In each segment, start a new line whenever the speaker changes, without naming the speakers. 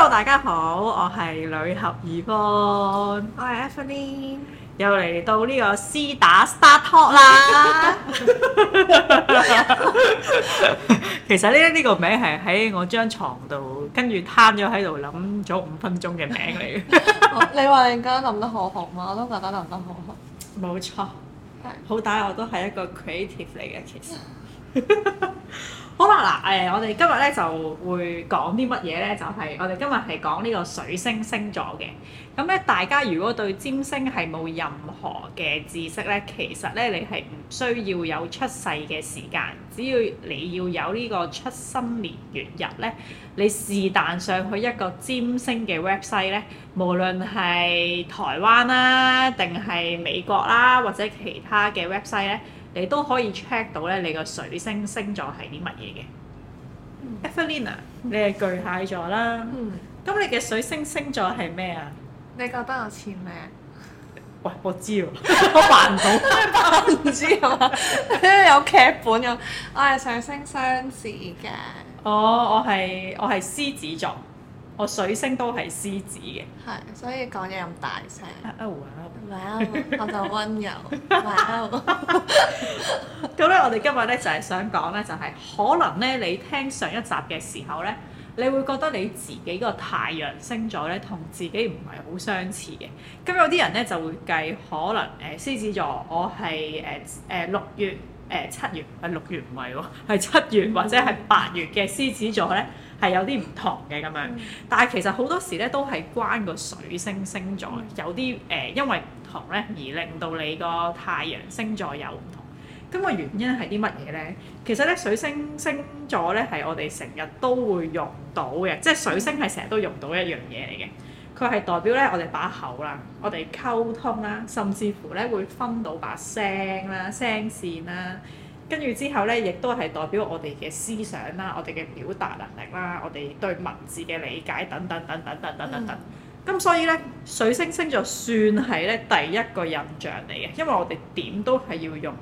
Hello 大家好，我係女俠如波，我係 Evelyn，又嚟到呢個私打 Star Talk 啦。 其實呢呢個名係喺我張床度，跟住攤咗喺度諗咗五分鐘嘅名
嚟。 你話而家諗得好好嘛？我都覺得諗得錯 Yeah. 好好。冇錯，
好歹我都係一個 creative 嚟嘅，其實。 好啦嗱，誒，我哋今日咧就會講啲乜嘢咧？就係、是、我哋今日係講呢個水星星座嘅。咁咧，大家如果對占星係冇任何嘅知識咧，其實咧你係唔需要有出世嘅時間，只要你要有呢個出生年月日咧，你是但上去一個占星嘅 website 咧，無論係台灣啦，定係美國啦，或者其他嘅 website 咧。你都可以 check 到咧，你個水星星座係啲乜嘢嘅？Evelina，你係巨蟹座啦。嗯。咁你嘅水星星座係咩啊？你覺得我似咩？喂，我知喎， 我扮唔到，唔 知啊
嘛。有劇本㗎，我係水星雙子嘅。
哦，我係我係獅子座。我水星都係獅子嘅，係，
所以講嘢咁大聲。我就溫柔。
咁咧，我哋今日咧就係想講咧，就係、是就是、可能咧，你聽上一集嘅時候咧，你會覺得你自己個太陽星座咧同自己唔係好相似嘅。咁有啲人咧就會計，可能誒、呃、獅子座我係誒誒六月。誒、呃、七月係六月唔係喎，係七月或者係八月嘅獅子座咧，係有啲唔同嘅咁樣。嗯、但係其實好多時咧都係關個水星星座、嗯、有啲誒、呃，因為唔同咧而令到你個太陽星座有唔同。咁、這個原因係啲乜嘢咧？其實咧水星星座咧係我哋成日都會用到嘅，即係水星係成日都用到一樣嘢嚟嘅。佢係代表咧，我哋把口啦，我哋溝通啦，甚至乎咧會分到把聲啦、聲線啦，跟住之後咧，亦都係代表我哋嘅思想啦、我哋嘅表達能力啦、我哋對文字嘅理解等等等等等等等等。咁、嗯、所以咧，水星星就算係咧第一個印象嚟嘅，因為我哋點都係要用。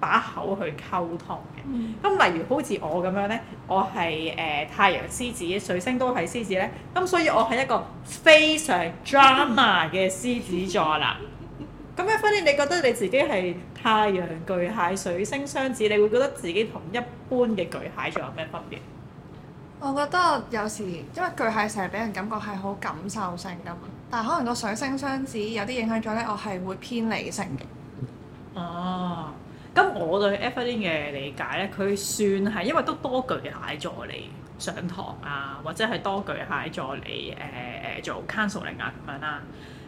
把口去溝通嘅，咁例如好似我咁樣呢，我係誒、呃、太陽獅子，水星都係獅子呢，咁所以我係一個非常 drama 嘅獅子座啦。咁樣，忽然你覺得你自己係太陽巨蟹、水星雙子，你會覺得自己同一般嘅巨蟹座有咩分別？
我覺得有時因為巨蟹成日俾人感覺係好感受性㗎嘛，但係可能個水星雙子有啲影響咗呢，我係會偏理性嘅。哦、啊。
咁我對 Everything 嘅理解咧，佢算係因為都多巨蟹座嚟上堂啊，或者係多巨蟹座嚟誒誒做 counseling 啊咁樣啦。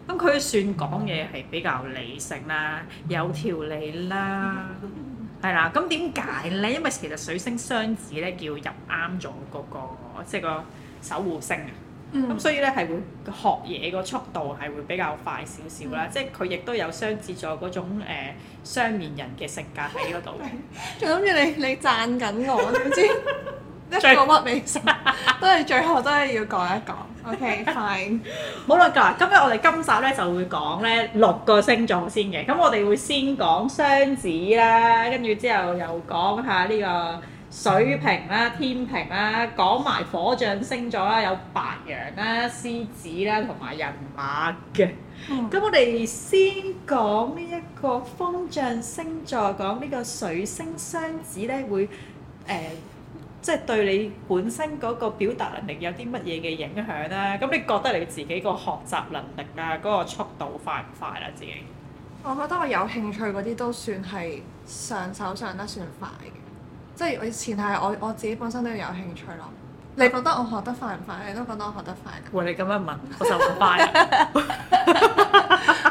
咁佢算講嘢係比較理性啦，有條理啦，係啦、嗯。咁點解咧？因為其實水星雙子咧叫入啱咗嗰個即係、就是、個守護星啊。咁、嗯嗯、所以咧係會學嘢個速度係會比較快少少啦，嗯、即係佢亦都有雙子座嗰種誒、呃、雙面人嘅性格喺嗰度。
仲諗住你你讚緊我點？ 知最後乜尾
都係最後都係要講一講。OK fine，好啦，嗱，今日我哋今集咧就會講咧六個星座先嘅，咁我哋會先講雙子啦，跟住之後又講下呢、呢個。水瓶啦、啊、天秤啦、啊，講埋火象星座啦、啊，有白羊啦、啊、獅子啦、啊，同埋人馬嘅。咁、嗯、我哋先講呢一個風象星座，講呢個水星雙子咧，會誒，即、呃、係、就是、對你本身嗰個表達能力有啲乜嘢嘅影響咧。咁你覺得你自己個學習能力啊，嗰、那個速度快唔快啊？自己？
我覺得我有興趣嗰啲都算係上手上得算快嘅。即係我以前係我我自己本身都要有興趣咯。你覺得我學得快唔快？你都覺得我學得快？
喂，你咁樣問，我就唔快。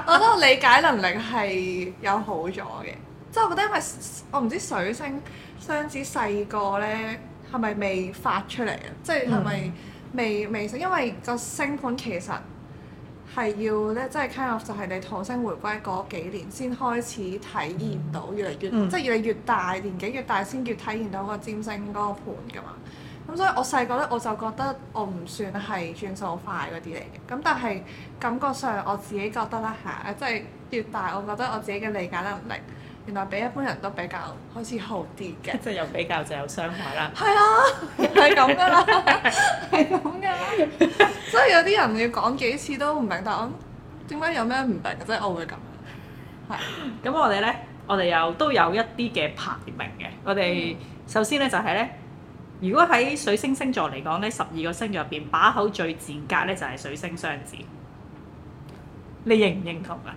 我覺得我理解能力係有好咗嘅，即係我覺得因為我唔知水星雙子細個咧係咪未發出嚟啊？即係係咪未未識？因為個星盤其實。係要咧，即、就、係、是、kind of 就係你土星回歸嗰幾年先開始體驗到越嚟越，嗯、即係越嚟越大年紀越大先越體驗到個占星嗰個盤㗎嘛。咁所以我細個咧我就覺得我唔算係轉數快嗰啲嚟嘅。咁但係感覺上我自己覺得啦嚇，即、啊、係、就是、越大我覺得我自己嘅理解能力。原來比一般人都
比較開始好啲嘅，即係又比較就有傷害啦。係 啊，係咁噶啦，係咁噶
啦。 所以有啲人要講幾次都唔明白，但係點解有咩唔明嘅？即係我會咁。
係。咁我哋呢，我哋又都有一啲嘅排名嘅。我哋首先呢就係呢，如果喺水星星座嚟講呢，十二個星座入邊把口最賤格呢就係水星雙子。你認唔認同啊？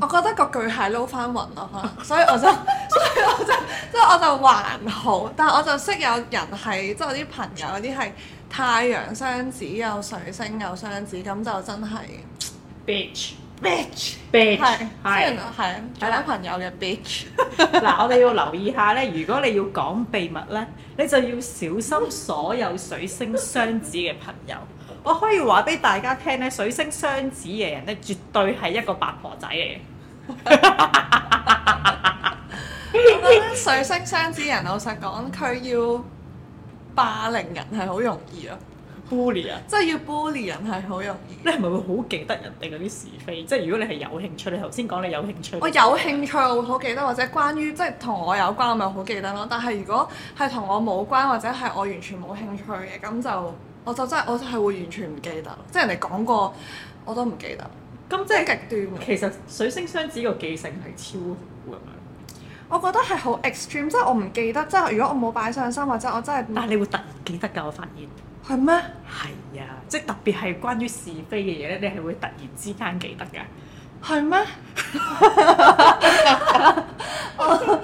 我覺得個巨蟹撈翻暈咯，
所以我就， 所以
我就，即係我就還好，但係我就識有人係，即係我啲朋友嗰啲係太陽雙子有水星有雙子，咁就真係
bitch bitch bitch 係
係係啦，朋友嘅 bitch。
嗱， 我哋要留意下咧，如果你要講秘密咧，你就要小心所有水星雙子嘅朋友。我可以話俾大家聽咧，水星雙子嘅人咧，絕對係一個八婆仔嚟。 我覺得
水星雙子人，老實講，佢要霸凌人係
好容易啊 bully 啊，即係要 bully 人係好容易。你係咪會好記得人哋嗰啲是非？即係如果你係有興趣，你頭先講你有興趣，我有興
趣，我會好記得，或者關於即係同我有關，我咪好記得咯。但係如果係同我冇關，或者係我完全冇興趣嘅，咁就。我就真係，我就係會完全唔記得，即係人哋講過，我都唔記得。咁即係極端。其實
水星雙子個記性係超好嘅。
我覺得係好 extreme，即係我唔記得，即係如果我冇擺上心，或者我真係。但係你會突然記得㗎，我
發現。係 咩樂？係啊，即係特別係關於是非嘅嘢咧，你係會突然之間記得㗎。
係咩是嗎
？
我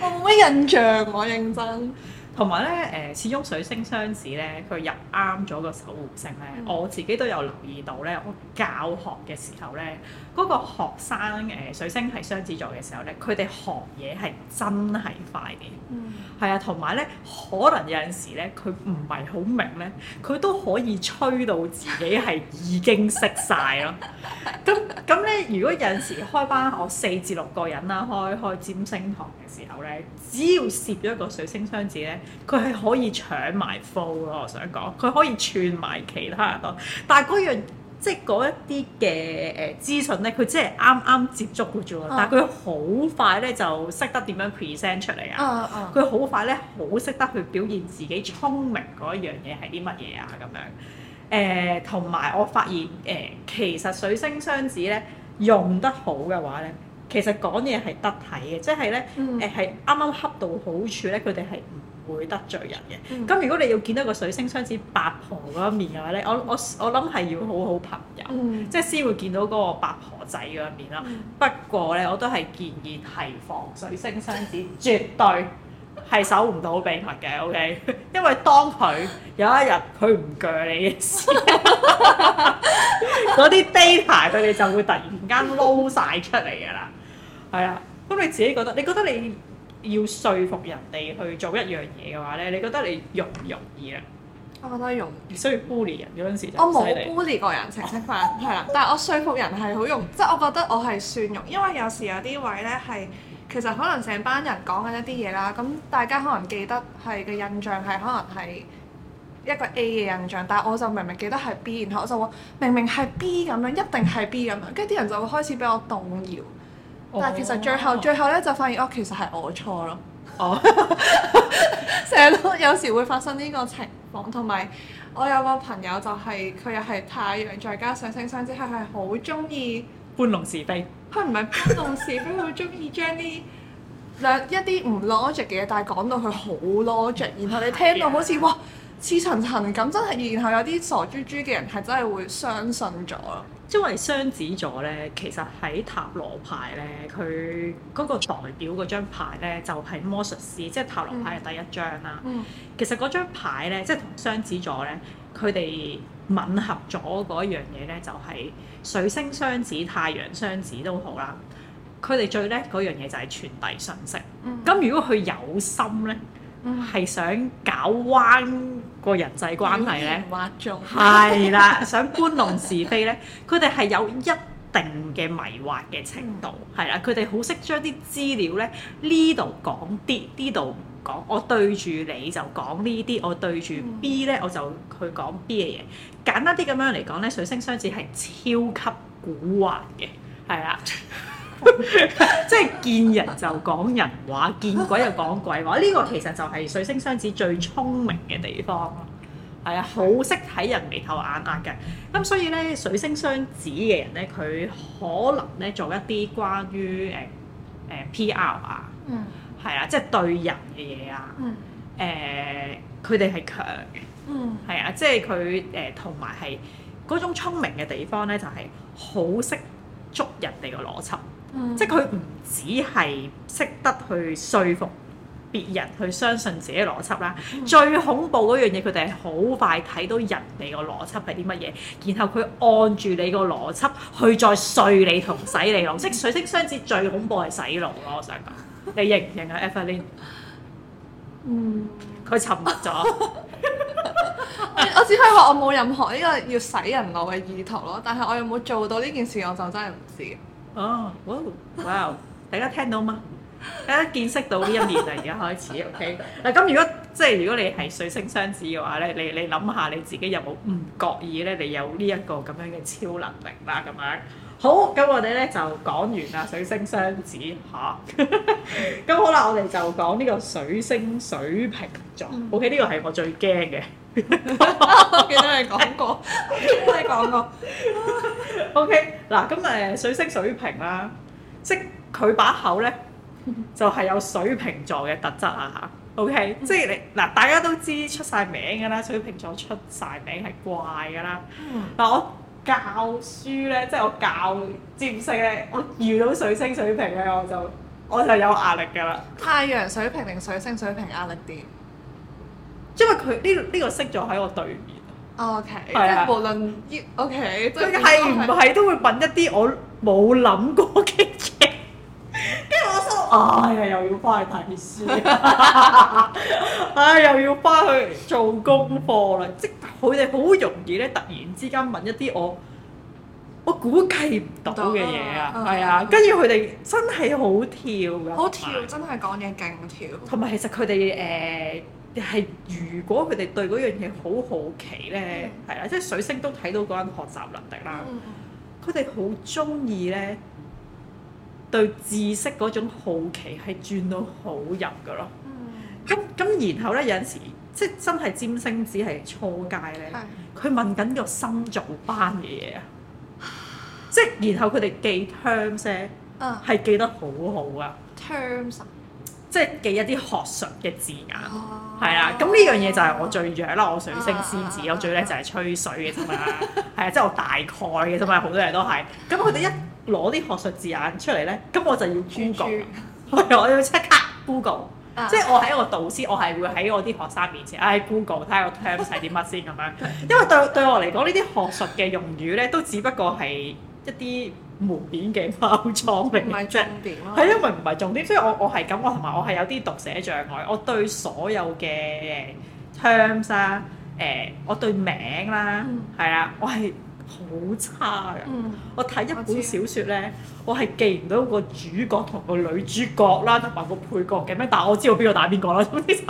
我冇乜印
象，我認真。同埋咧，誒、呃，始終水星雙子咧，佢入啱咗個守護星咧，嗯、我自己都有留意到咧，我教學嘅時候咧。嗰個學生誒、呃、水星係雙子座嘅時候咧，佢哋學嘢係真係快嘅，係、嗯、啊，同埋咧，可能有陣時咧，佢唔係好明咧，佢都可以吹到自己係已經識晒咯。咁咁咧，如果有陣時開班學四至六個人啦，開開占星堂嘅時候咧，只要攝咗一個水星雙子咧，佢係可以搶埋 f u 咯。我想講，佢可以串埋其他人咯，但係嗰樣。即係嗰一啲嘅誒資訊咧，佢即係啱啱接觸嘅啫喎，但係佢好快咧就識得點樣 present 出嚟啊！佢好快咧，好識、啊啊、得去表現自己聰明嗰一樣嘢係啲乜嘢啊咁樣。誒同埋我發現誒、呃，其實水星雙子咧用得好嘅話咧，其實講嘢係得體嘅，即係咧誒係啱啱恰到好處咧，佢哋係唔會得罪人嘅，咁如果你要見到個水星雙子八婆嗰一面嘅話咧，我我我諗係要好好朋友，即係先會見到嗰個八婆仔嗰一面啦。不過咧，我都係建議提防水星雙子，絕對係守唔到秘密嘅。OK，因為當佢有一日佢唔鋸你嘅時，嗰啲 data 佢哋就會突然間撈晒出嚟噶啦。係啊，咁你自己覺得，你覺得你？要說服人哋去做一樣嘢嘅話呢，你覺得你容唔容易
啊？我覺得容易，所以孤立人嗰陣時就犀利。我冇孤立過人成式化，係啦， 但係我說服人係好容易，即係 我覺得我係算容易，因為有時有啲位呢，係其實可能成班人講緊一啲嘢啦，咁大家可能記得係嘅印象係可能係一個 A 嘅印象，但係我就明明記得係 B，然後我就話明明係 B 咁樣，一定係 B 咁樣，跟住啲人就會開始俾我動搖。但係其實最後 oh, oh, oh. 最後咧就發現哦，其實係我錯咯。哦，成日都有時會發生呢個情況，同埋我有個朋友就係佢又係太陽上上，再加上雙雙，即係佢係好中意
搬弄是非。
佢唔係搬弄是非，佢好中意將啲兩一啲唔 logic 嘅嘢，但係講到佢好 logic。然後你聽到好似的哇，似層層咁真係，然後有啲傻豬豬嘅人係真係會相信咗咯。
因為雙子座咧，其實喺塔羅牌咧，佢嗰個代表嗰張牌咧，就係、是、魔術師，即係塔羅牌嘅第一張啦。嗯、其實嗰張牌咧，即係同雙子座咧，佢哋吻合咗嗰一樣嘢咧，就係、是、水星雙子、太陽雙子都好啦。佢哋最叻嗰樣嘢就係傳遞信息。咁、嗯、如果佢有心咧，係、嗯、想搞彎個人際關係咧，
係啦
想搬弄是非咧，佢哋係有一定嘅迷惑嘅程度，係啦、嗯，佢哋好識將啲資料咧，呢度講啲，呢度講，我對住你就講呢啲，我對住 B 咧我就去講 B 嘅嘢。嗯、簡單啲咁樣嚟講咧，水星雙子係超級古惑嘅，係啦。 即係見人就講人話，見鬼就講鬼話。呢、呢個其實就係水星雙子最聰明嘅地方。係啊，好識睇人眉頭眼額嘅。咁所以咧，水星雙子嘅人咧，佢可能咧做一啲關於誒誒、呃呃、P R 啊，嗯，係啊，即係對人嘅嘢啊。嗯、誒、呃，佢哋係強嘅。嗯，係啊，即係佢誒，同埋係嗰種聰明嘅地方咧，就係好識捉人哋個邏輯。嗯、即係佢唔止係識得去說服別人去相信自己嘅邏輯啦，最恐怖嗰樣嘢，佢哋係好快睇到人哋個邏輯係啲乜嘢，然後佢按住你個邏輯去再碎你同洗你腦，即水星相接最恐怖係洗腦咯，我想講，你認唔認啊，Evelyn？嗯，佢沉默咗
我只可以話我冇任何呢個要洗人腦嘅意圖咯，但係我有冇做到呢件事，我就真係唔知。哦，哇，oh,
wow, 大家聽到嗎？大家見識到呢一年就而家開始，OK？嗱，咁如果即係如果你係水星雙子嘅話咧，你你諗下你自己有冇唔覺意咧，你有呢一個咁樣嘅超能力啦，咁樣好。咁我哋咧就講完啦，水星雙子嚇。咁、 嗯、 好啦，我哋就講呢個水星水瓶座，OK？呢個係我最驚嘅， 我記得你講過，我記得你講過。O K，嗱咁誒水星水瓶啦，即佢把口咧， 就係有水瓶座嘅特質啊！O 吓 K，即係你嗱大家都知出晒名㗎啦，水瓶座出晒名係怪㗎啦。嗱、mm hmm. 我教書咧，即係我教占星咧，我遇到水星水瓶咧，我就我就有壓力㗎啦。
太陽水瓶定水星水瓶壓力啲？
因為佢呢呢個星、這個、座喺我對面。
O Okay , K，啊、即係無論 O K，佢係唔係都
會問一啲我冇諗過嘅嘢，跟住 我心諗，哎呀、啊、又，又要翻去睇書，哎、 啊、又要翻去做功課啦！嗯、即係佢哋好容易咧，突然之間問一啲我我估計唔到嘅嘢、嗯、啊，係啊，跟住佢哋真係好跳㗎，好跳嗎，真係講嘢勁跳，同埋其實佢哋誒。呃係，如果佢哋對嗰樣嘢好好奇咧，係啦、mm.，即係水星都睇到嗰個人學習能力啦。佢哋好中意咧，對知識嗰種好奇係轉到好入嘅咯。咁咁、mm.，然後咧有陣時即係真係占星只係初階咧，佢、mm. 問緊個心做班嘅嘢啊，mm. 即係然後佢哋記 terms 係、mm. 記得好好啊。
Uh.
即係記一啲學術嘅字眼，係啦、啊。咁呢樣嘢就係我最弱啦。我水星獅子，啊、我最叻就係吹水嘅啫嘛。係啊， 即係我大概嘅啫嘛，好多嘢都係。咁佢哋一攞啲學術字眼出嚟咧，咁我就要 Google，猜 我要、啊 Google，啊、即刻 Google。即係我喺一個導師，啊、我係會喺我啲學生面前 Google， 看看，唉，Google 睇下個 term 係啲乜先咁樣。因為對對我嚟講，呢啲學術嘅用語咧，都只不過係一啲。門面嘅包裝嚟嘅，係因為唔係重點， 所以我我係咁，我同埋我係有啲讀寫障礙，我對所有嘅 terms 啦、啊，誒、呃，我對名啦，係啊，我係好差嘅。我睇、嗯、一本小說咧，我係記唔到個主角同個女主角啦，同埋個配角嘅咩，但係我知道邊個打邊個啦。總之就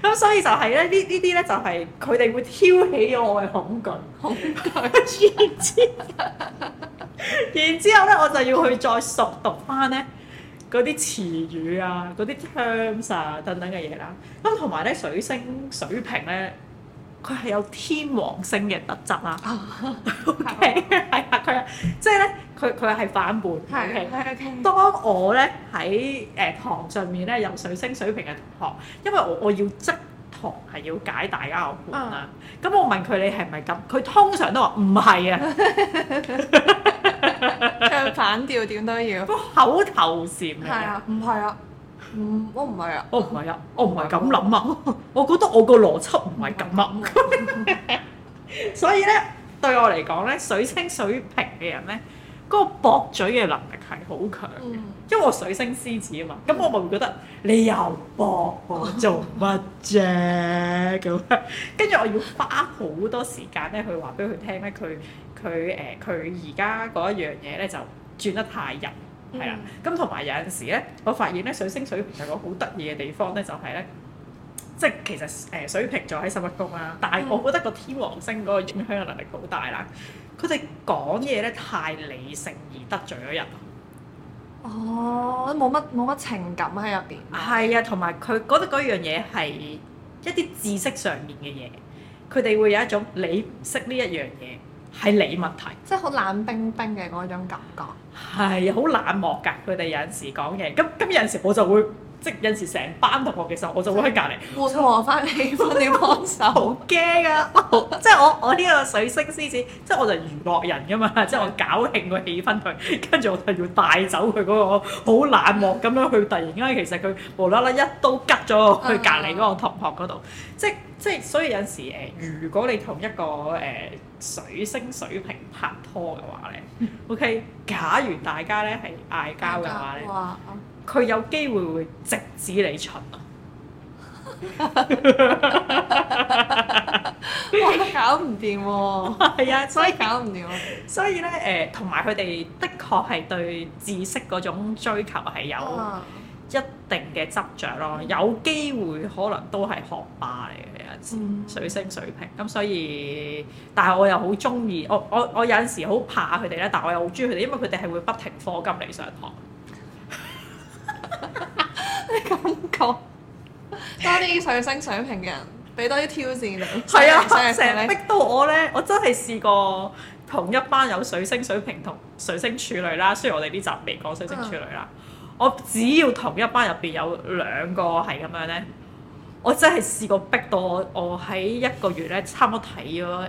咁所以就係、是、咧，呢呢啲咧就係佢哋會挑起我嘅恐懼，恐懼 然之後咧，我就要去再熟讀翻咧嗰啲詞語啊、嗰啲 terms 啊等等嘅嘢啦。咁同埋咧水星水平咧，佢係有天王星嘅特質啊。O K，係啊，佢啊， 即係咧，佢佢係反叛。O K，當我咧喺誒堂上面咧有水星水瓶嘅同學，因為我我要即堂係要解大家個盤啊。咁我問佢你係唔係咁？佢通常都話唔係啊。 唱 反調點都要，個口頭禪係啊，唔係啊，嗯，我唔係啊、， 哦、啊，我唔係啊，我唔係咁諗啊，我覺得我個邏輯唔係咁諗， 所以咧對我嚟講咧，水星水瓶嘅人咧，嗰、嗰個駁嘴嘅能力係好強。嗯。因為我水星獅子啊嘛，咁我咪會覺得、嗯、你又駁我做乜啫咁，跟住 我要花好多時間咧去話俾佢聽咧，佢佢誒佢而家嗰一樣嘢咧就轉得太入，係啦、嗯。咁同埋有陣時咧，我發現咧水星水平水瓶就個好得意嘅地方咧，就係、是、咧，即係其實誒水瓶座喺十一宮啦，但係我覺得個天王星嗰個影響能力好大啦。佢哋講嘢咧太理性而得罪咗人。
哦，冇乜冇乜情感喺入邊。
係啊，同埋佢覺得嗰樣嘢係一啲知識上面嘅嘢，佢哋會有一種你唔識呢一樣嘢係你問題，即
係好冷冰冰嘅嗰種感覺。
係啊，好冷漠㗎。佢哋有陣時講嘢，咁咁有陣時我就會。即有陣時成班同學嘅時候，我就會喺隔離
換和翻你幫你幫
手，好驚啊！即我我呢個水星獅子，即我就係娛樂人㗎嘛， 即我搞興個氣氛佢，跟住我就要帶走佢嗰個好冷漠咁樣，去突然間其實佢無啦啦一刀拮咗去隔籬嗰個同學嗰度， 即即所以有陣時誒，如果你同一個誒水星水瓶拍拖嘅話咧，OK， 假如大家咧係嗌交嘅話咧。嗯嗯。佢有機會會直指你出，啊，我 都 搞唔掂喎。係 啊，所以搞唔掂、啊、所以咧，誒、呃，同埋佢哋的確係對知識嗰種追求係有一定嘅執着咯。啊、有機會可能都係學霸嚟嘅一次水星水瓶。咁、嗯、所以，但係我又好中意我我我有陣時好怕佢哋咧。但係我又好中意佢哋，因為佢哋係會不停課金嚟上堂。
感覺 多啲水星水瓶嘅人，俾多啲挑戰你。係 啊，成
瓶逼到我咧， 我真係試過同一班有水星水瓶同水星處女啦。雖然我哋呢集未講水星處女啦，uh. 我只要同一班入邊有兩個係咁樣咧，我真係試過逼到我，我喺一個月咧，差唔多睇咗誒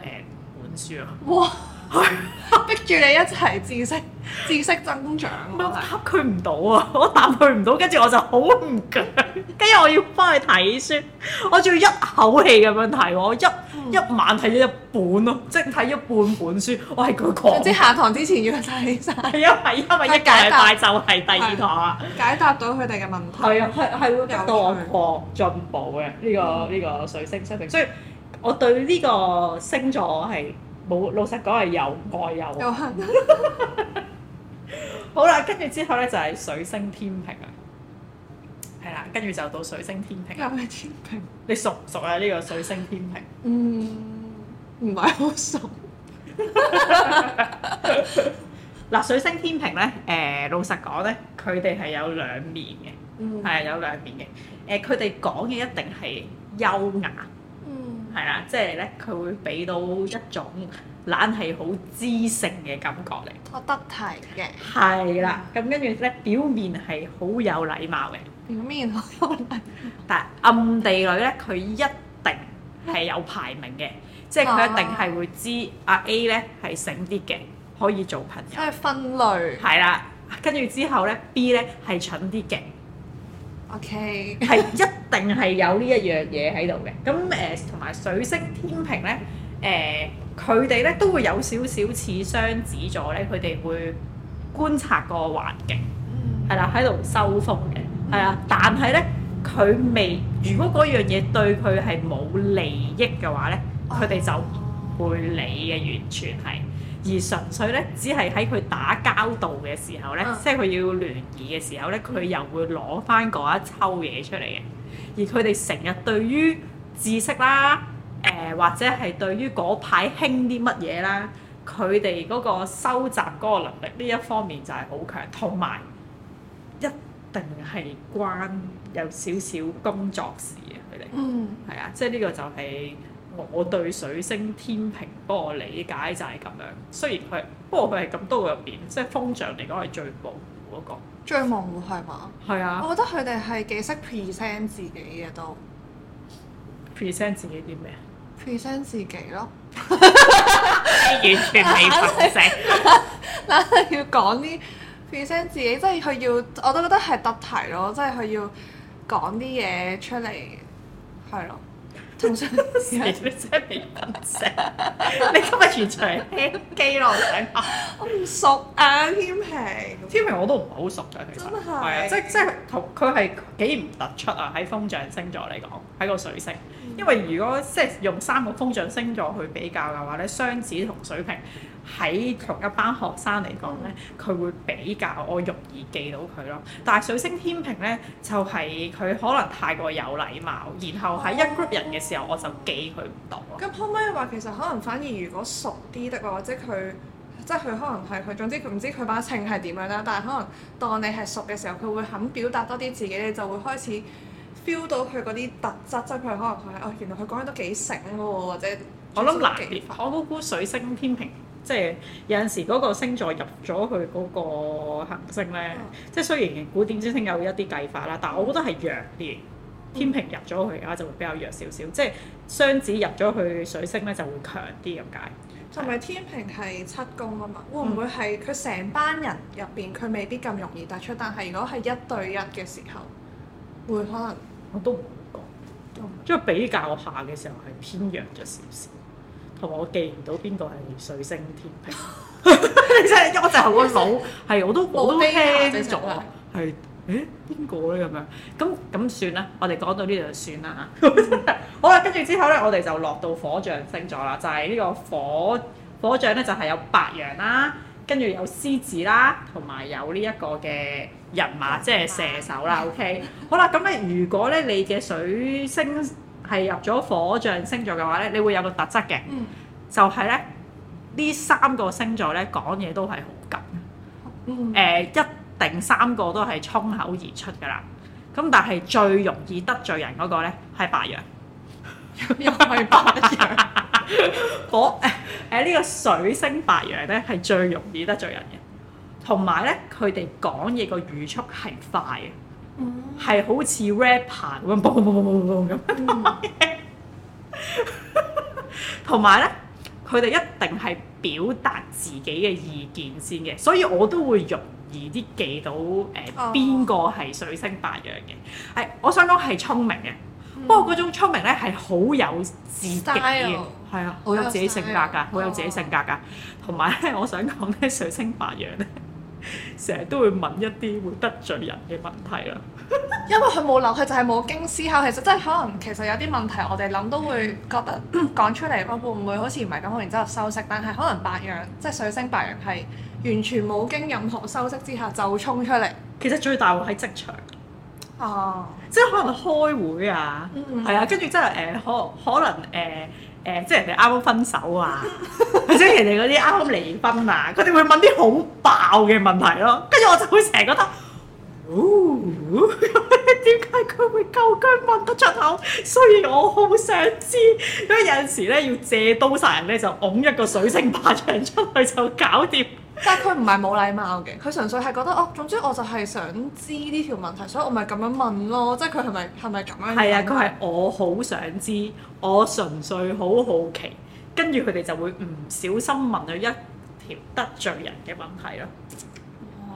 本書啊。哇！
去逼住你一齊知
識知識增長，我答佢唔到啊！我答佢唔到，跟住我就好唔強，跟住我要翻去睇書，我仲要一口氣咁樣睇，我一、嗯、一晚睇咗一本咯，即係睇一半本書，我係佢狂。總之下堂之前要睇晒。係啊，係因為一個禮拜就係第二堂
啊。解答到佢哋嘅問題。係啊，係係
會有進步嘅呢、嗯這個呢、這個水星雙子，所以我對呢個星座係。冇，老實講係又愛又恨。 好啦，跟住之後咧就係、是、水星天秤啊，係 啦，跟住就到水星天秤。天秤，你熟唔熟啊？呢、這個水星天秤？嗯，唔係好熟。嗱， 水星天秤咧，誒、呃，老實講咧，佢哋係有兩面嘅，係啊、嗯，有兩面嘅。誒、呃，佢哋講嘅一定係優雅。係啦，即係咧，佢會俾到一種懶係好知性嘅感覺嚟，我得
提嘅係啦。
咁跟住咧，表面係好有禮貌嘅，
表面好有
禮貌，但暗地裏咧，佢一定係有排名嘅，即係佢一定係會知啊 A 咧係醒啲嘅，可以做朋友，因係分類係啦。跟住之後咧，B 咧係蠢啲嘅。OK 係一定係有呢一樣嘢喺度嘅。咁誒？ 嗯水星天秤咧，誒佢哋咧都會有少少似雙子座咧，佢哋會觀察個環境，係啦、mm，喺、hmm. 度收風嘅，係啊、mm，hmm. 但係咧佢未，如果嗰樣嘢對佢係冇利益嘅話咧，佢哋就唔會理嘅，完全係，而純粹咧只係喺佢打交道嘅時候咧，即係佢要聯誼嘅時候咧，佢又會攞翻嗰一抽嘢出嚟嘅，而佢哋成日對於知識啦，誒、呃、或者係對於嗰排興啲乜嘢啦，佢哋嗰個收集嗰個能力呢一方面就係好強，同埋一定係關有少少工作事嘅佢哋。嗯，係啊，即係呢個就係我對水星天秤嗰個理解就係咁樣。雖然佢不過佢係咁多個入邊，即係風象嚟講係最模糊嗰、嗰個。
最模糊係嘛？係啊。我覺得佢哋係幾識 present 自己嘅都。present 自己啲咩？present 自己咯， 完全未講成。嗱， 要講啲 present 自己，即係佢要，我都覺得係得題咯。即係佢要講啲嘢出嚟，係咯。
完全未講成。你今日完全係機內上啊！ 我唔熟啊，天秤。天秤我都唔係好熟㗎、啊，其實係啊真是，即係即係同佢係幾唔突出啊！喺風象星座嚟講，喺個水星。因為如果即係用三個風象星座去比較嘅話咧，雙子同水瓶喺同一班學生嚟講咧，佢、嗯、會比較我容易記到佢咯。但係水星天秤咧，就係、是、佢可能太過有禮貌，然後喺一 group 人嘅時候，我就記佢唔到。咁、嗯、可
唔可以話其實可能反而如果熟啲的或者佢即係佢可能係佢，總之佢唔知佢把秤係點樣啦。但係可能當你係熟嘅時候，佢會肯表達多啲自己，你就會開始。feel 到佢嗰啲特質，即係譬如可能佢係哦，原來佢講嘢都幾醒咯，或者
我諗難我估估水星天秤，即係有陣時嗰個星座入咗佢嗰個行星咧，哦、即係雖然古典之星有一啲計法啦，但係我覺得係弱啲。
天秤
入咗佢嘅家就會比較弱少少，嗯、即係雙子入咗佢水星咧就會強啲咁解。
同埋天秤係七公啊嘛，嗯、會唔會係佢成班人入邊佢未必咁容易突出？但係如果係一對一嘅時候，會可能。我都唔
會講，即係比較下嘅時候係偏陽咗少少，同埋我記唔到邊個係水星天秤，即係 我成日個腦係其實 我都、啊、我都聽咗係，誒邊個咧咁樣？咁咁算啦，我哋講到呢度就算啦嚇， 好啦，跟住之後咧，我哋就落到火象星座啦，就係、是、呢個火火象咧，就係、是、有白羊啦、啊。跟住有獅子啦，同埋有呢一個嘅人馬，即係射手啦。 OK，好啦，咁咧如果咧你嘅水星係入咗火象星座嘅話咧，你會有個特質嘅，嗯、就係咧呢三個星座咧講嘢都係好急，誒、嗯呃、一定三個都係衝口而出噶啦。咁但係最容易得罪人嗰個咧係白羊，因為 白羊。 嗰誒誒呢個水星白羊咧係最容易得罪人嘅，同埋咧佢哋講嘢個語速係快嘅，係、嗯、好似 rapper 咁，嘣嘣嘣嘣嘣嘣咁。同埋咧，佢哋一定係表達自己嘅意見先嘅，所以我都會容易啲記到誒邊個係水星白羊嘅。係、哎，我想講係聰明嘅。不過嗰種聰明咧係好有自己嘅，係啊 Style, 的，好有自己性格㗎，好 Style, 有自己性格㗎。同埋咧，我想講咧，水星白羊咧，成日都會問一啲會得罪人嘅問題啦。
因為佢冇諗，佢就係、是、冇經思考。其實真係可能，其實有啲問題我哋諗都會覺得講 出嚟，我會唔會好似唔係咁好？然之後修飾，但係可能白羊即係水星白羊係完全冇經任何修飾之下就衝出嚟。
其實最大鑊喺職場。哦，啊、即係可能開會啊，
係、嗯、啊，跟
住即係誒可可能誒誒、呃呃，即係人哋啱啱分手啊，或者 人哋嗰啲啱啱離婚啊，佢哋會問啲好爆嘅問題咯。跟住我就會成日覺得，哦，點解佢會夠薑問得出口？雖然我好想知，因為有陣時咧要借刀殺人咧，就攬一個水星白羊出去，就搞掂。 但係佢唔係冇禮
貌嘅，佢純粹係覺得哦，總之我就係想知呢條問題，所以我咪咁樣問咯。即係
佢係咪係咪咁樣？係啊，佢係，我好想知，我純粹好好奇，跟住佢哋就會唔小心問到一條得罪人嘅問題咯。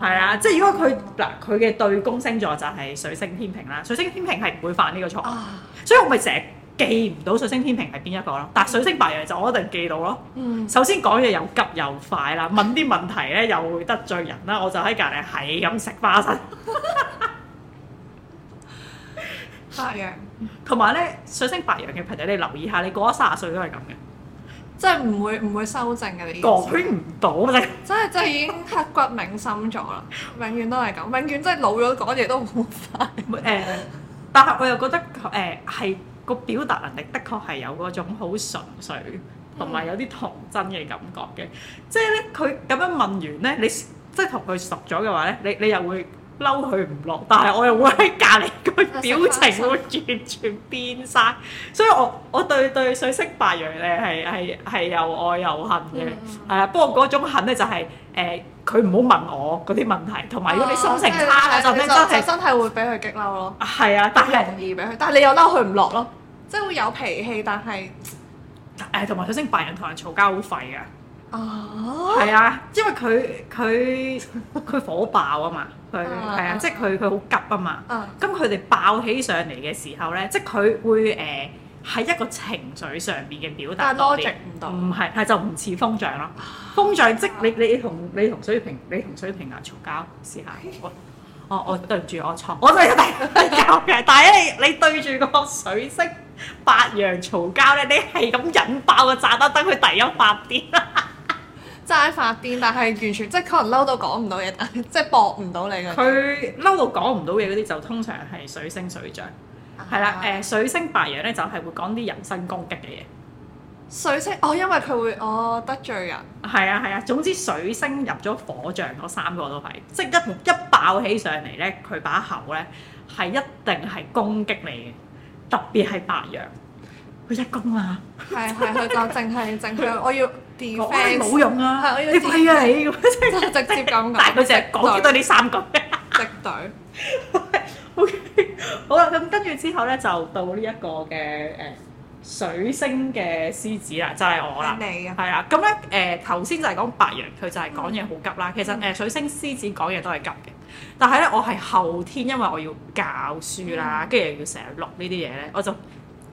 係、哦、啊，即係如果佢嗱，佢嘅對宮星座就係水星天秤啦，水星天秤係唔會犯呢個錯，啊、所以我咪成日……記唔到水星天秤係邊一個咯？但係水星白羊就我一定記到咯。嗯，首先講嘢又急又快啦，問啲問題咧又會得罪人啦。我就喺隔離係咁食花生。
白羊，
同埋咧水星白羊嘅朋友，你留意下，你過咗三十歲都係咁嘅，
即係唔會唔會修正嘅呢啲。改
唔到嘅，真係
真係已經刻骨銘心咗啦，永遠都係咁，永遠真係老咗講嘢都好
快。誒，但係我又覺得誒係。個表達能力的確係有嗰種好純粹同埋有啲童真嘅感覺嘅。嗯、即係咧佢咁樣問完咧，你即係同佢熟咗嘅話咧，你你又會嬲佢唔落，但係我又會喺隔離佢表情、嗯、會完全變晒。嗯、所以我我對對水星白羊咧係係係又愛又恨嘅，係、嗯、啊，不過嗰種恨咧就係誒佢唔好問我嗰啲問題，同埋如果你心情差咧就真係真
係會俾佢激嬲咯，係啊，嗯
嗯、但係容易俾佢，但係你又嬲佢唔落咯。
即係會有脾氣，但係
誒同埋首先白羊同人嘈交好廢嘅，
哦、啊，係啊，
因為佢佢佢火爆啊嘛，佢係啊，的啊即係佢佢好急啊嘛，咁佢哋爆起上嚟嘅時候咧，即係佢會誒喺、呃、一個情緒上面嘅表達多啲，唔係係就唔似風象咯，風象即係、啊、你你同你同水瓶你同水瓶啊嘈交試下。 我我、oh, 對住我床，我都係 第一嘅。但係你你對住個水星白羊嘈交咧，你係咁引爆個炸彈，等佢第一發癲，
齋發癲，但係完全即係可能嬲到講唔到嘢，即係駁唔到你嘅。佢
嬲到講唔到嘢嗰啲就通常係水星水象，係啦，誒水星白羊咧就係會講啲人身攻擊嘅嘢。水星哦，因為佢會哦得罪人。係啊係啊，總之水星入咗火象嗰三個我都係，即係一一爆起上嚟咧，佢把口咧係一定係攻擊你嘅，特別係白羊，佢一攻啦。係係佢就
淨係淨係我要 defence 冇用啊！你廢啊
你，咁，就直接咁。但係佢就係攻擊到呢三個對。O K 好啦，咁跟住之後咧就到呢一個嘅誒。水星嘅獅子啦，就係我啦。係你啊。係啊，咁咧誒頭先就係講白羊，佢就係講嘢好急啦。其實誒、呃、水星獅子講嘢都係急嘅，但係咧我係後天，因為我要教書啦，跟住又要成日錄呢啲嘢咧，我就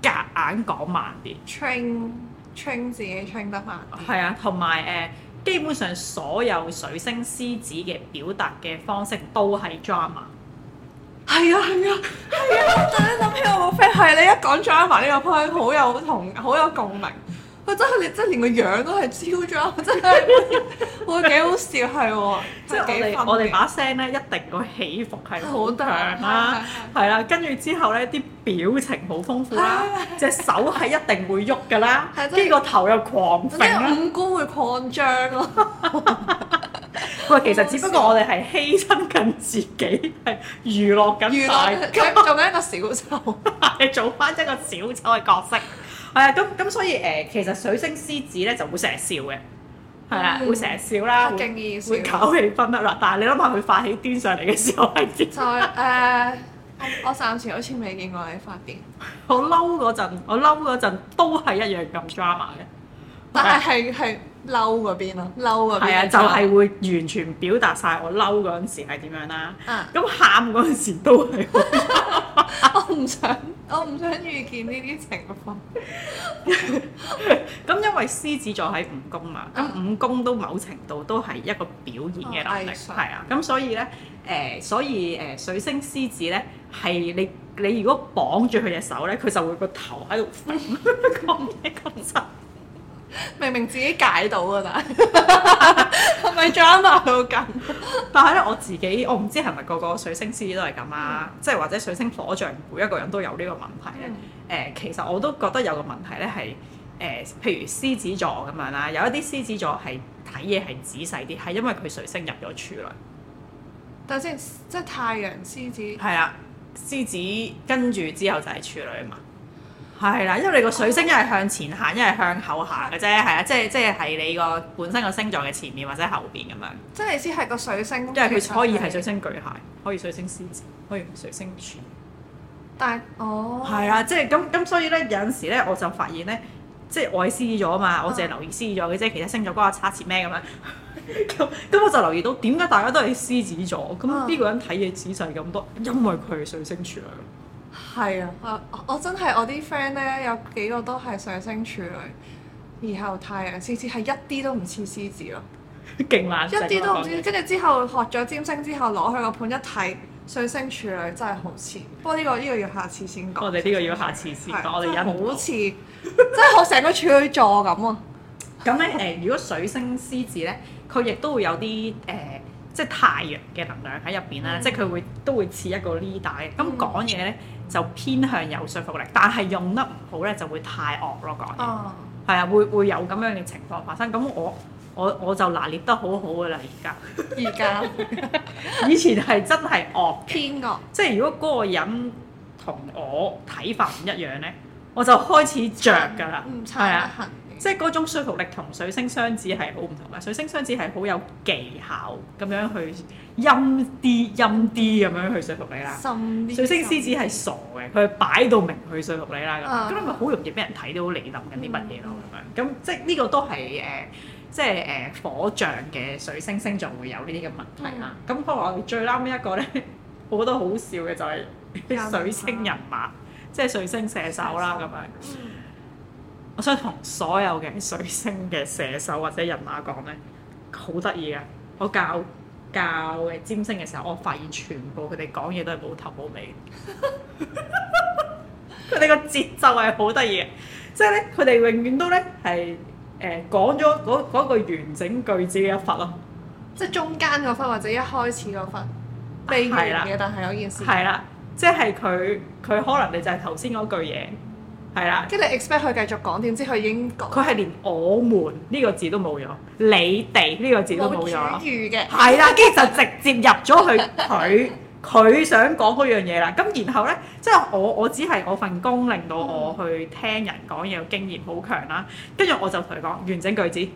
夾硬講慢啲。train
train 自己 train 得慢啲。係
啊，同埋誒基本上所有水星獅子嘅表達嘅方式都係 drama。係啊係啊係啊！我突然諗起我個 friend，係你一講張伯呢個 point，好有同好有共鳴。佢真係連真係連個樣都係超張，真係會幾好笑係喎。即係我哋我哋把聲咧一定個起伏係好強啦，係啦，跟住之後咧啲表情好豐富啦，隻手係一定會喐㗎啦，跟住個頭又狂揈啦，五官會擴張啦。喂，其實只不過我哋係犧牲緊自己，係娛樂緊，係做緊一個小丑，係 做翻一個小丑嘅角色。係 啊、嗯，咁咁所以誒，其實水星獅子咧就會成日笑嘅，係啊，會成日笑啦，會搞氣氛啦，但係你諗下佢發起端上嚟嘅時候係點？ 就、
呃、我我暫時好似未見過你發癲。
我嬲嗰陣，我嬲嗰陣都係一樣咁 drama 嘅，
但係係係。嗯是嬲嗰邊咯、啊，嬲嗰邊係啊，就係、是、
會完全表達晒、啊。我嬲嗰陣時係點樣啦。咁喊嗰陣時都係，
我唔想，我唔想遇見呢啲情況。咁、 嗯
嗯、因為獅子座喺五宮嘛，咁五宮都某程度都係一個表現嘅能力，係啊。咁所以咧，誒、啊，所以誒、呃呃、水星獅子咧，係你你如果綁住佢隻手咧，佢就會個頭喺度講咩講
乜。 明明自己解到㗎，但係
係咪 drama 到咁？ 但係咧，我自己我唔知係咪個個水星獅子都係咁啊，即係、嗯、或者水星火象每一個人都有呢個問題咧。誒、嗯呃，其實我都覺得有個問題咧係誒，譬如獅子座咁樣啦，有一啲獅子座係睇嘢係仔細啲，係因為佢水星入咗處女。等先，即係太陽獅子係啊，獅子，獅子跟住之後就係處女啊嘛。係啦，因為你個水星一係向前行，一係向後行嘅啫，係啊，即係即係係你個本身個星座嘅前面或者後邊咁樣。即係意思係個水星。因為佢可以係水星巨蟹，可以水星獅子，可以水星處。
但係，哦，係啊，
即係咁咁，所以咧有陣時咧，我就發現咧，即係愛獅子座啊嘛，oh。我淨係留意獅子座嘅，啫。其他星座關我叉事咩咁樣。咁 咁、嗯嗯、 我就留意到，點解大家都係獅子座？咁呢個人睇嘢仔細咁多，因為佢係水星處女。
係啊，我我真係我啲 friend 咧有幾個都係水星處女，然後太陽獅子係一啲都唔似獅子咯，
勁冷。一啲都唔似，
跟住之後學咗占星之後攞佢個盤一睇，水星處女真係好似。不過呢個呢個要下
次先講。我哋呢個要下次先講。我哋好似即係學成個處女座咁啊！咁咧誒，如果水星獅子咧，佢亦都會有啲誒，即係太陽嘅能量喺入邊啦，即係佢會都會似一個 leader。咁講嘢咧，就偏向有說服力，但係用得唔好咧，就會太惡咯，講嘅，係啊、oh.，會會有咁樣嘅情況發生。咁我我我就拿捏得好好嘅啦，而家而家以前係真係惡偏惡，即係如果嗰個人同我睇法唔一樣咧，我就開始着㗎啦，係啊。 即係嗰種説服力同水星雙子係好唔同嘅，水星雙子係好有技巧咁樣去陰啲陰啲咁樣去説服你啦。陰啲。水星獅子係傻嘅，佢、嗯、擺到明去説服你啦。咁咁咪好容易俾人睇到你諗緊啲乜嘢咯咁樣。咁即係呢個都係誒、呃，即係誒、呃、火象嘅水星星座會有呢啲嘅問題啦。咁、嗯、可能我哋最撈尾一個咧，我覺得好笑嘅就係水星人馬，嗯嗯嗯、即係水星射手啦咁樣。嗯嗯我想同所有嘅水星嘅射手或者人馬講呢，好得意嘅。我教教嘅占星嘅時候，我發現全部佢哋講嘢都係冇頭冇尾，佢哋個節奏係好得意嘅。即係呢，佢哋永遠都呢係誒講咗嗰個完整句子嘅一忽咯。即係中間嗰忽
或者一開始嗰忽未完嘅，啊，但係有件事，係啦，
即係佢佢可能你就係頭先嗰句嘢。係啦，跟住你 expect 佢繼續講，點知佢已經講，佢係連我們呢個字都冇咗，你哋呢個字都冇咗，好主語嘅，係啦，跟住就直接入咗去佢佢想講嗰樣嘢啦。咁然後呢，即係我我只係我份工令到我去聽人講嘢嘅經驗好強啦。跟住我就同佢講完整句子，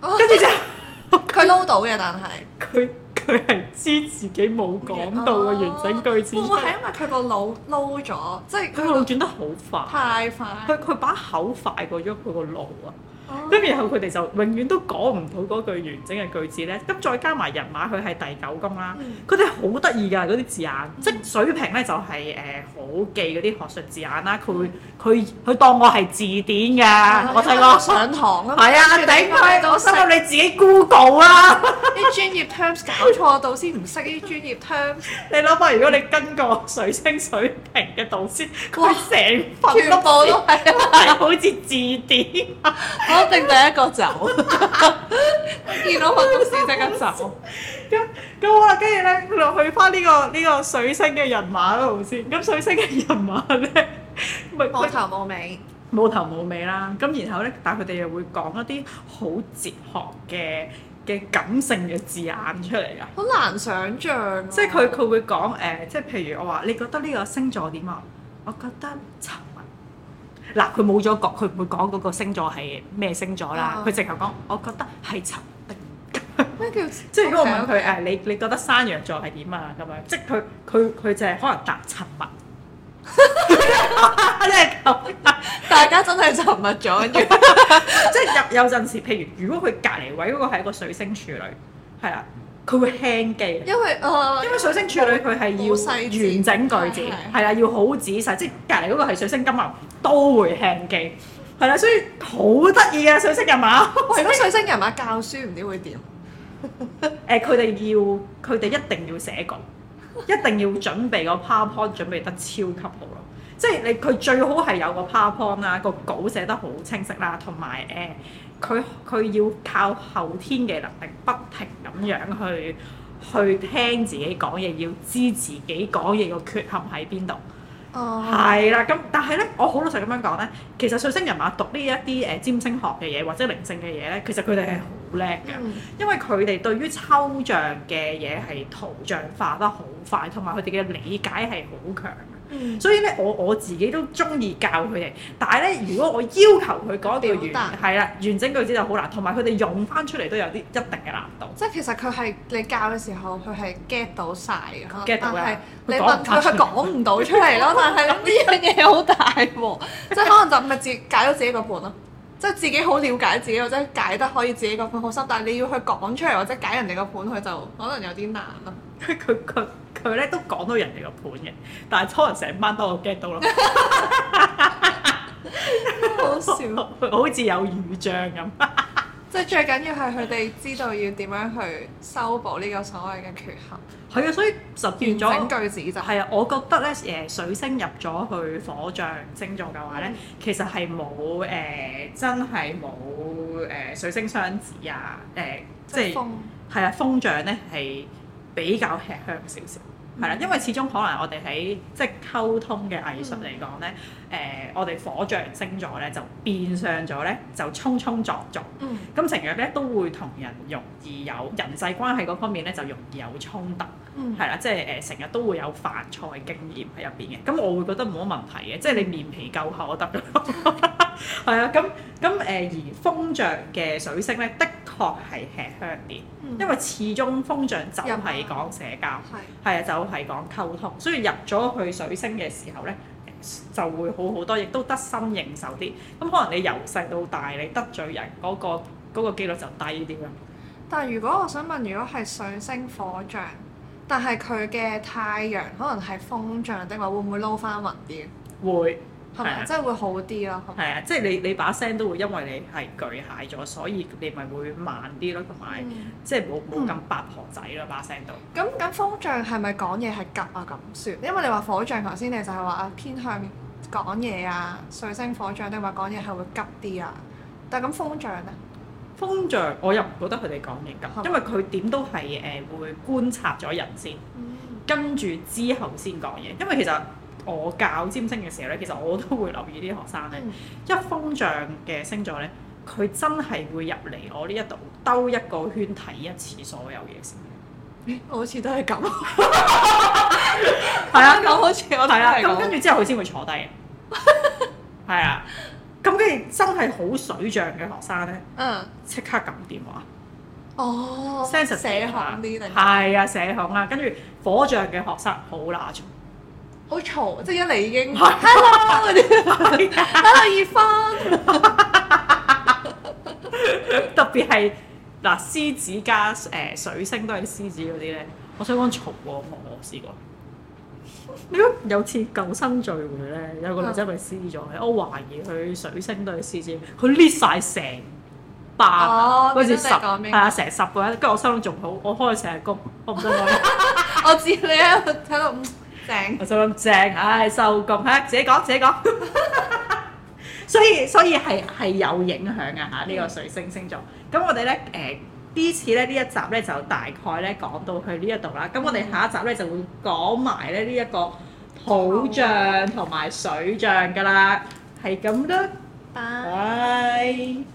跟住就佢撈到嘅，哦啊、 但係佢。佢係知自己冇講到個、啊、完整句子，會唔會係因
為佢個腦撈咗？
即係佢腦轉得好快，太快，佢佢把口快過咗佢個腦啊！跟然後佢哋就永遠都講唔到嗰句完整嘅句子咧，咁再加埋人馬佢係第九宮啦，佢哋好得意㗎嗰啲字眼，即係水瓶咧就係誒好記嗰啲學術字眼啦，佢佢佢當我係字典㗎，我睇個上堂係啊，頂開到心你自己 Google 啦，啲
專業 terms
搞錯到先唔識啲專業 terms，你諗下如果你跟個水星水平嘅導師，佢成哇份全部都係、啊、好似字典、啊， 我一定第一個走。見到個導師即刻走，咁咁好啦。跟住咧，就去翻呢、這個呢、這個水星嘅人馬嗰度先。咁水星嘅人馬
咧，冇頭冇尾，
冇 頭冇尾啦。咁然後咧，但係佢哋又會講一啲好哲學嘅。嘅感性嘅字眼出嚟㗎，好難想像，啊即呃。即係佢佢會講誒，即係譬如我話你覺得呢個星座點啊？我覺得沉默。嗱，佢冇咗角，佢唔會講嗰個星座係咩星座啦。佢、啊、直頭講，嗯、我覺得係沉默。咩叫？ 即係如果我問佢誒 Okay, okay.、啊，你你覺得山羊座係點啊？咁樣，即係佢佢佢就係可能答沉默。真係， 啊就係咁， 大家真係沉默咗， 即係有有陣時，譬如如果佢隔籬位嗰個係一個水星處女，係啦，佢會輕記，因為誒，呃、因為水星處女佢係要完整句子，係啦，嗯，要好仔細，即係隔籬嗰個係水星金牛都會輕記，係啦，所以好得意呀水星人馬。 如果水星人馬教書，唔知會點？誒、 呃，佢哋要，佢哋一定要寫稿。一定要準備個 powerpoint 準備得超級好咯，即係你佢最好係有個 powerpoint 啦，個稿寫得好清晰啦，同埋誒佢佢要靠後天嘅能力，不停咁樣去去聽自己講嘢，要知自己講嘢個缺陷喺邊度。哦、
oh.，係
啦，咁但係咧，我好老實咁樣講咧，其實水星人馬讀呢一啲誒占星學嘅嘢或者靈性嘅嘢咧，其實佢哋係。Hmm. 叻嘅，嗯、因為佢哋對於抽象嘅嘢係圖像化得好快，同埋佢哋嘅理解係好強。嗯、所以咧，我我自己都中意教佢哋，但係咧，如果我要求佢講一段完，係啦達，完整句子就好難，同埋佢哋用翻出嚟都有啲一定嘅難度。即
係其實佢係你教嘅時候，佢係 get 到曬嘅，但係你問佢，佢
講唔到出嚟咯。但係呢
樣嘢好大鑊，即係可能就咪自解咗自己個盤咯。即係自己好了解自己，或者解得可以自己個盤好深，但係你要去講出嚟或者解人哋個盤，佢就可能有啲難咯。佢佢
佢咧都講到人哋個盤嘅，但係可能成班都 get 到咯。好笑，好似有預象咁。
即係最緊要係佢哋知道要點樣去修補呢個所謂嘅
缺陷。係啊，所以就變咗完整句子就係啊，我覺得咧，誒、呃、水星入咗去火象星座嘅話咧，嗯、其實係冇誒，真係冇誒水星雙子啊，誒、呃、即係係啊，風象咧係比較吃香少少。係啦，因為始終可能我哋喺即係溝通嘅藝術嚟講咧，誒我哋火象星座咧就變相咗咧就衝衝撞撞，咁成日咧都會同人容易有人際關係嗰方面咧就容易有衝突，係啦，即係誒成日都會有犯錯經驗喺入邊嘅，咁我會覺得冇乜問題嘅，即係你面皮夠厚得咯，係啊，咁咁誒而風象嘅水星咧，的確係吃香啲，因為始終風象就係講社交，係啊就。都係講溝通，所以入咗去水星嘅時候呢，就會好好多，亦都得心應手啲。咁、嗯、可能你由細到大，你得罪人嗰、嗰個嗰、嗰個機率就低啲嘅。
但係如果我想問，如果係水星火象，但係佢嘅太陽可能係風象的話，會唔會撈翻勻啲？
會。係咪？啊、即係會好啲咯。係啊，即係你你把聲都會因為你係巨蟹咗，所以你咪會慢啲咯，同埋即係冇冇咁八婆仔咯，嗯、把聲都。
咁咁風象係咪講嘢係急啊咁算？因為你話火象頭先，你就係、啊、話偏向講嘢啊，水星火象你話講嘢係會急啲啊，但係咁風象
咧？風象我又唔覺得佢哋講嘢急，吧因為佢點都係誒、呃、會觀察咗人先，嗯、跟住之後先講嘢，因為其實。我教占星嘅時候咧，其實我都會留意啲學生咧，一風象嘅星座咧，佢真係會入嚟我呢一度，兜一個圈，睇一次所有嘢先。嗯、好似都係咁。係 啊，咁好似我睇啊，咁跟住之後佢先會坐低。係啊，咁跟住真係好水象嘅學生咧，嗯，即刻撳電話。
哦，社恐啲定
係啊，社恐啊，跟住火象嘅學生好乸
好嘈，即係一嚟已經 hello 嗰啲 ，hello 葉芳，
特別係嗱獅子加誒、呃、水星都係獅子嗰啲咧，我想講嘈喎，我我試過， 有次舊生聚會咧，有個女仔咪獅子座嘅， 我懷疑佢水星都係獅子，佢 lift 曬成八嗰陣十係啊，成十,十個人，跟住我心諗仲好，我開成個，我唔得開，我知你喺度聽到。正，就工正,正，唉、哎，收工嚇，自己講自己講，所以所以係係有影響㗎嚇，呢、嗯、個水星星座。咁我哋咧誒呢、呃、次咧呢一集咧就大概咧講到去呢一度啦。咁我哋下一集咧就會講埋咧呢一、這個土象同埋水象噶啦，係咁啦，拜。Bye